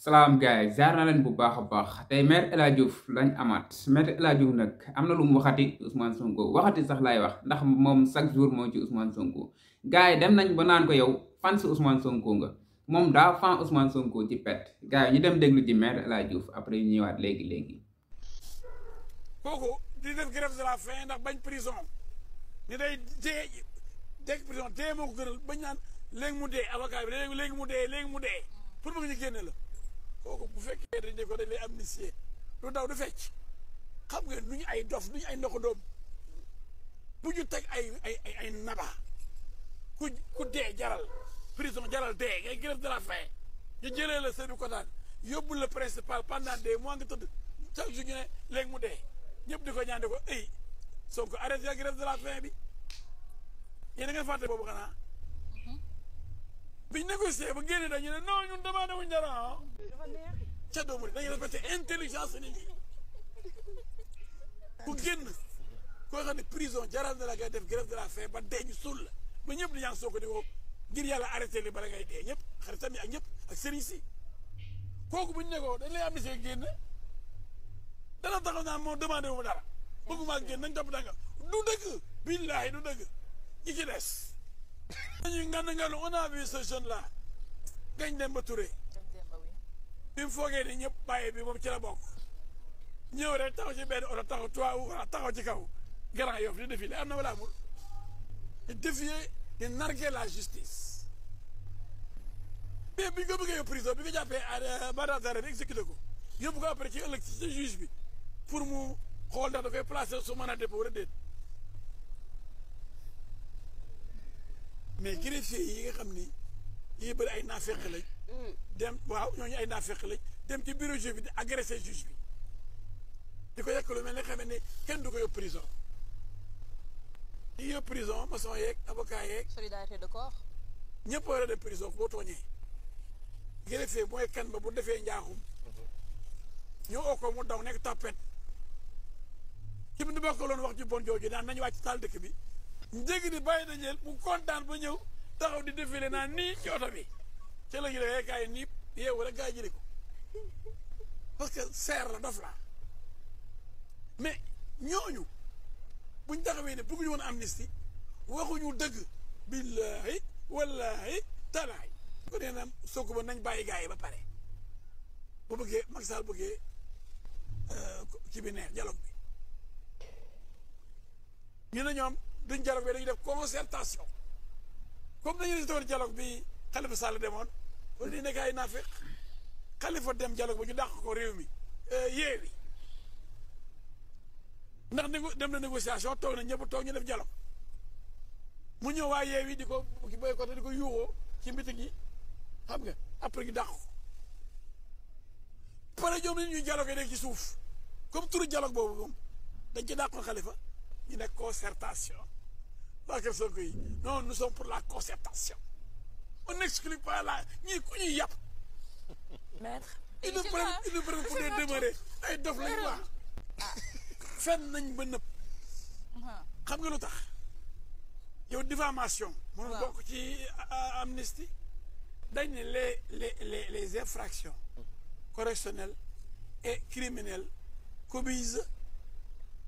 salaam gaay jaar na bu baax a baax tey maître El Hadj lañ amaat maître El nag am na lu mu waxati Ousmane Sonko waxati sax laay wax ndax moom chaque jour moo ci Ousmane Sonko gars yi dem nañ ba naan ko yow fan si Ousmane Sonko nga moom daa fan Ousmane Sonko ci pet gars yi ñu dem déglu ci maître El Hadj Diouf après ñu ñëwaat léegi léegi. kooku di def grève de la faim ndax bañ prison ni day dee dégg prison dee moo ko gënal bañ naan léegi mu dee avocat bi léegi mu dee léegi mu dee pour la. kooku bu fekkee dañ ne ko dañ lay amnistier lu daw du fecc xam nga nu ñu ay dof nu ñu ay ndoxandoom bu ñu teg ay ay ay naba ku ku dee jaral prison jaral dee ngay grève de la faim ñu jëlee la ko kotaan yóbbu la principal pendant des mois nga tëdd chaque jour ne léegi mu dee ñëpp di ko ñaan di ko ay Sonko arrêté grève de la faim bi yéen a ngeen fàtte boobu xanaa biñ négocié ba génne dañu ne non ñun demandé wuñ dara ah. ca doomu dañuy respecté intelligence nit ñi ku génn koo xam ne prison jaral na ga ngay def grève de la faim ba dee ñu suul la ba ñëpp di ñaan soo ko di woo ngir yàlla arrêté li bala ngay dee ñëpp xaritam ak ñëpp ak sëriñ si kooku bu ñu ne ko dañ lay amnistie génn dana taxaw naa moo demandé wu ma dara bëgguma génn nañ topp danga du dëgg billaahi du dëgg ñi ci dañuy ngan ngan on a vu ce jeune là Ngagne Demba Touré bi mu foogee ni ñëpp bàyyi bi moom ci la bokk ñëw rek taxaw ci benn oto taxaw taxaw ci kaw Grand Yoff di défiler am na wala amul di défier di narguer la justice bi ñu ko bëggee yóbbu prison bi nga jàppee mandat d'arrêt bi ko yóbbu ko après ci ëllëg ci juge bi pour mu xool ndax da koy placer su mandat de dépôt wala déet mais greffier yi nga xamni yi bëri ay nafaq lañ. Mm. dem waaw ñoo ñu ay naafeq lañ dem ci bureau juge bi di juge bi diko ko yekk lu mel ne kenn du ko yóbbu prison. di prison prison maçon yek avocat yek solidarité de corps. ñepp war de prison boo tooñee. greffier mooy kan ba bu defee ñaxum mm-hmm. ñu oko ko mu daw nek tapet. ci bi nu bokkaloon wax ci bon jooju naan wacc wàcc taal dëkk bi. njëg di bàyyi dajeel mu kontaan ba ñëw taxaw di défilé naa nii ci oto bi ca la ñu dee eh, gaa yi nii yeewu rek gaa yi jëli ko parce que seer la dof laa mais ñooñu buñ taxawee ne bëgguñu woon amnistie waxuñu dëgg billaahi wallaahi talaay ko nee naam soo ba nañ bàyyi gaa yi ba pare bu bëggee Macky Sall bëggee ci euh, bi neex dialogue bi ñu ne ñoom duñ dialogue bi dañuy def concertation comme dañu ne si doon dialogue bi Khalifa Sall demon wala di nekk ay nafiq Khalifa dem dialogue bi ñu dakk ko rew mi euh yéewi ndax négo dem na négociation toog na ñepp toog ñu def dialogue mu ñëw wa yeewi diko ki boy ko diko yuwo ci mbitig gi xam nga après gi dakk para jom ñoom nit dialogue rek ci suuf comme tour dialogue bobu dañ ci dakk Khalifa ñu nek concertation non nous sommes pour la concertation on n'exclut pas la ni maître. il nous prend il nous prend pour des demeurés ay dof lañu waa ah. fenn nañ ba que ah. xam nga lu tax yow diffamation. Mon amnistie. les les les les infractions correctionnelles et criminelles commises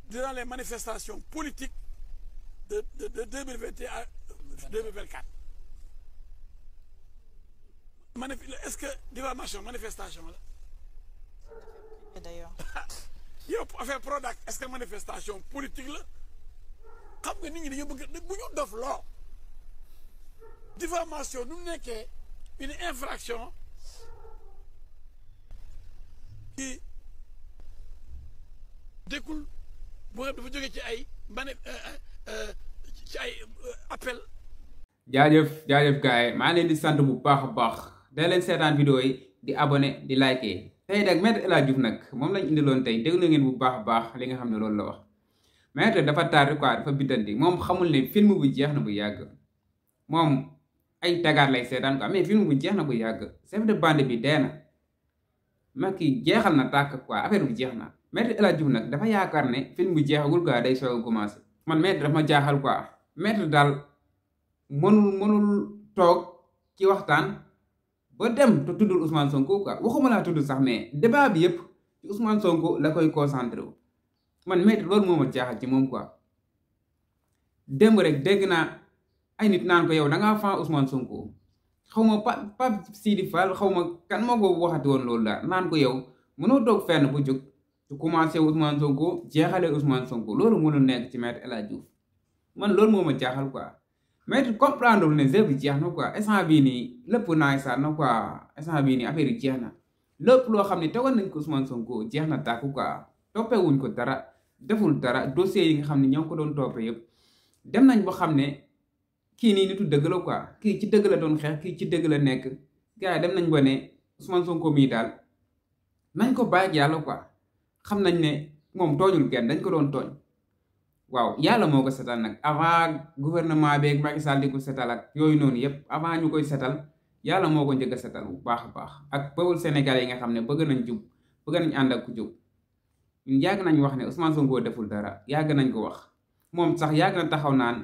durant les manifestations politiques de, 2021 à 2024. est-ce que diffamation manifestation la. d'ailleurs. fait un product. est-ce que manifestation politique comme nous nga nit ñi dañoo bëgg diffamation une infraction qui découle de la ba ne euh, euh, euh, ci ay appel jaajëf jaajëf gars yi maa leen di sant bu baax a baax day leen seetaan vidéo yi di abone di liké tey nag maître El Hadj Diouf nag moom lañ indiloon tey déglu ngeen bu baax a baax li nga xam ne loolu la wax maître dafa tardé quoi dafa biddanti moom xamul ne film bu jeex na bu yàgg moom ay tagaar lay seetaan quoi mais film bu jeex na bu yàgg chef de bande bi dee na Macky jeexal na tàkk quoi affaire bu jeex na maître El Hadj nag dafa yaakaar ne film bi jeexagul quoi day soo a commencé man maître dafa ma jaaxal quoi maître daal mënul mënul toog ci waxtaan ba dem te tuddul Ousmane Sonko quoi waxuma laa tudd sax mais débat bi yëpp ci Ousmane Sonko la koy concentré man maître loolu moo ma jaaxal ci moom quoi démb rek dégg naa ay nit naan ko yow da ngaa fan Ousmane Sonko xaw ma pa Pape Sidi xaw ma kan moo ko waxati loolu la naan ko yow mënoo toog fenn bu jóg. su commencé Ousmane Sonko jeexalee Ousmane Sonko loolu mënul nekk ci maître El Hadj man loolu moo ma jaaxal quoi maître comprendre ne jeex na quoi instant bii nii lépp naay saat na quoi instant bii nii affaire jeex na lépp loo xam ne tegoon nañ ko Ousmane Sonko jeex na tàkk quoi toppee wuñ ko dara deful dara dossier yi nga xam ne ñoo ko doon toppee yëpp dem nañ boo xam ne kii nii nitu dëgg la kii ci dëgg la doon xeex kii ci dëgg la nekk gars yi dem nañ ba ne Ousmane Sonko mii daal nañ ko bàyyi ak yàlla quoi. xam nañ ne moom tooñul kenn dañ ko doon tooñ waaw yàlla moo ko setal nag avant gouvernement beeg Macky Sall di ko setal ak yooyu noonu yëpp avant ñu koy setal yàlla moo ko njëkk setal bu baax a baax ak peuple sénégal yi nga xam ne bëgg nañ jub bëgg nañ ànd ak ku jub ñun yàgg nañ wax ne Ousmane ngoo deful dara yàgg nañ ko wax moom sax yàgg na taxaw naan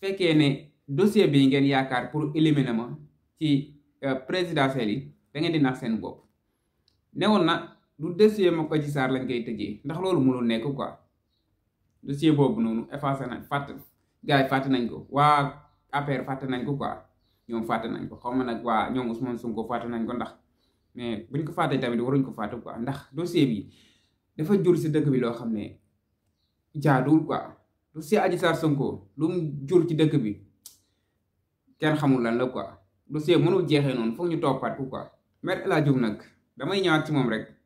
fekkee ne dossier bi ngeen yaakaar pour éliminer ma ci euh, présidentielle yi da di nax seen bopp newoon na du dossier ma ko Adji Sarr lañ koy tëjee ndax loolu mënul nekk quoi dossier boobu noonu effacé nañ fàtt gars yi fàtte nañ ko waa APR fàtte nañ ko quoi ñoom fàtte nañ ko xaw ma nag waa ñoom Ousmane Sonko fàtte nañ ko ndax mais buñ ko fàttee tamit waruñ ko fàtte quoi ndax dossier bi dafa jur si dëkk bi loo xam ne jaaduwul quoi dossier Adji Sarr Sonko lu jur ci dëkk bi kenn xamul lan la quoi dossier mënul jeexee noonu foog ñu toppaat ko quoi maître El Hadj Diouf nag damay ñëwaat ci moom rek.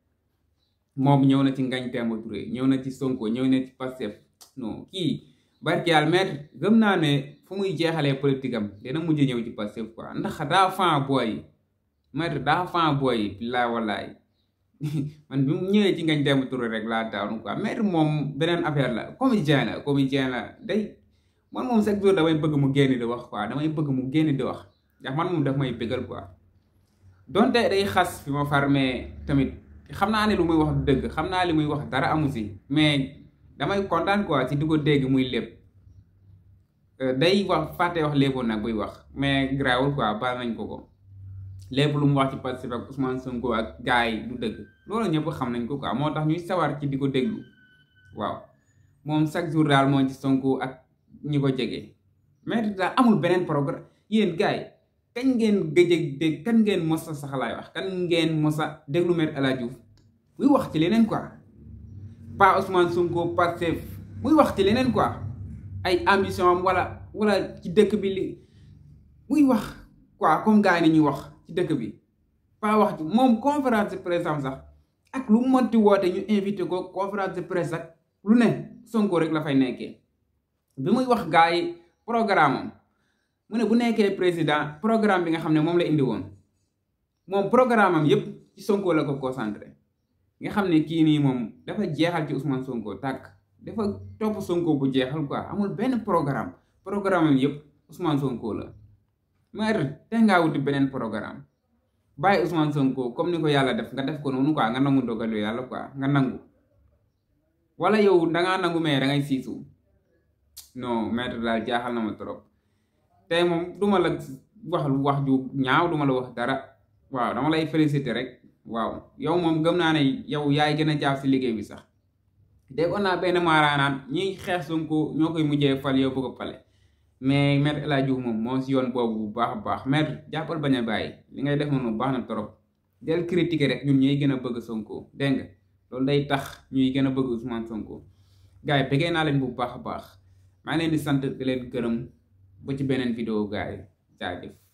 mom ñew na ci Ngagne Demba Touré ñew na ci Sonko ñew na ci Pastef non ki barki al maître gëm na né fu muy jéxalé politique am dina mujjé ñew ci Pastef quoi ndax da fan boy yi maître daa fan booy yi billaay man bi ñewé ci Ngagne Demba Touré rek la daanu quoi maître mom benen affaire la comédien la comédien la day man moom chaque jour damay bëgg mu génn di wax quoi damay bëgg mu génn di wax ndax man mom daf may bëggal quoi donte day xass fi mo farmé tamit xam naa ne lu muy wax du dëgg xam naa li muy wax dara amu si mais damay kontaan quoi ci di ko dégg muy lépp euh, day wax fàtte wax léeboon nag buy wax mais grawul quoi baal nañ ko ko lépp lu mu wax ci Pastef ak Ousmane Sonko ak gars yi du dëgg loolu ñëpp xam nañ ko quoi moo tax ñuy sawar ci di ko déglu waaw moom chaque jour daal moo ci Sonko ak ñi ko jege mais daal amul beneen programme yéen gars yi kañ ngeen gëjëg dégg kan ngeen mos a sax laay wax kan ngeen mosa a déglu Me El muy wax ci leneen quoi pas Ousmane Sonko Pastef muy wax ci leneen quoi ay ambition am wala ci dëkk bi li muy wax quoi comme gars yi ñuy wax ci dëkk bi pas wax ci moom conférence de presse ak lu mënti woote ñu invité ko conférence de presse lu ne Sonko rek la fay nekkee bi muy wax gars yi programme mu ne bu nekkee président programme bi nga xam ne moom la indi woon moom programme am yépp ci Sonko la ko concentré nga xam ne kii nii moom dafa jeexal ci Ousmane Sonko tàkk dafa topp Sonko bu jeexal quoi amul benn programme programme am yépp Ousmane Sonko la maire te ngaa wuti beneen programme bàyyi Ousmane Sonko comme ni ko yàlla def nga def ko noonu quoi nga nangu dogalu yàlla quoi nga nangu wala yow dangaa nangu mais ngay siisu non maître daal jaaxal na ma trop tay mom duma la waxal wax ju ñaaw duma la wax dara waaw dama lay féliciter rek waaw yow mom gëm na né yow yaay gëna jaaf ci liggéey bi sax déggoon naa benn maaraanaan ñiy xeex Sonko ñoo koy mujjee fal yow bëgg a mais mère ela djou mom mo ci yoon bobu bu baax baax mère jappal baña bay li ngay def noonu baax na torop del critiquer rek ñun ñey gëna bëgg Sonko deng nga day tax ñuy gëna bëgg Ousmane Sonko gaay yi na leen bu baax baax ma leen di sante di leen gëreum ba ci beneen vidéo gaay jaajëf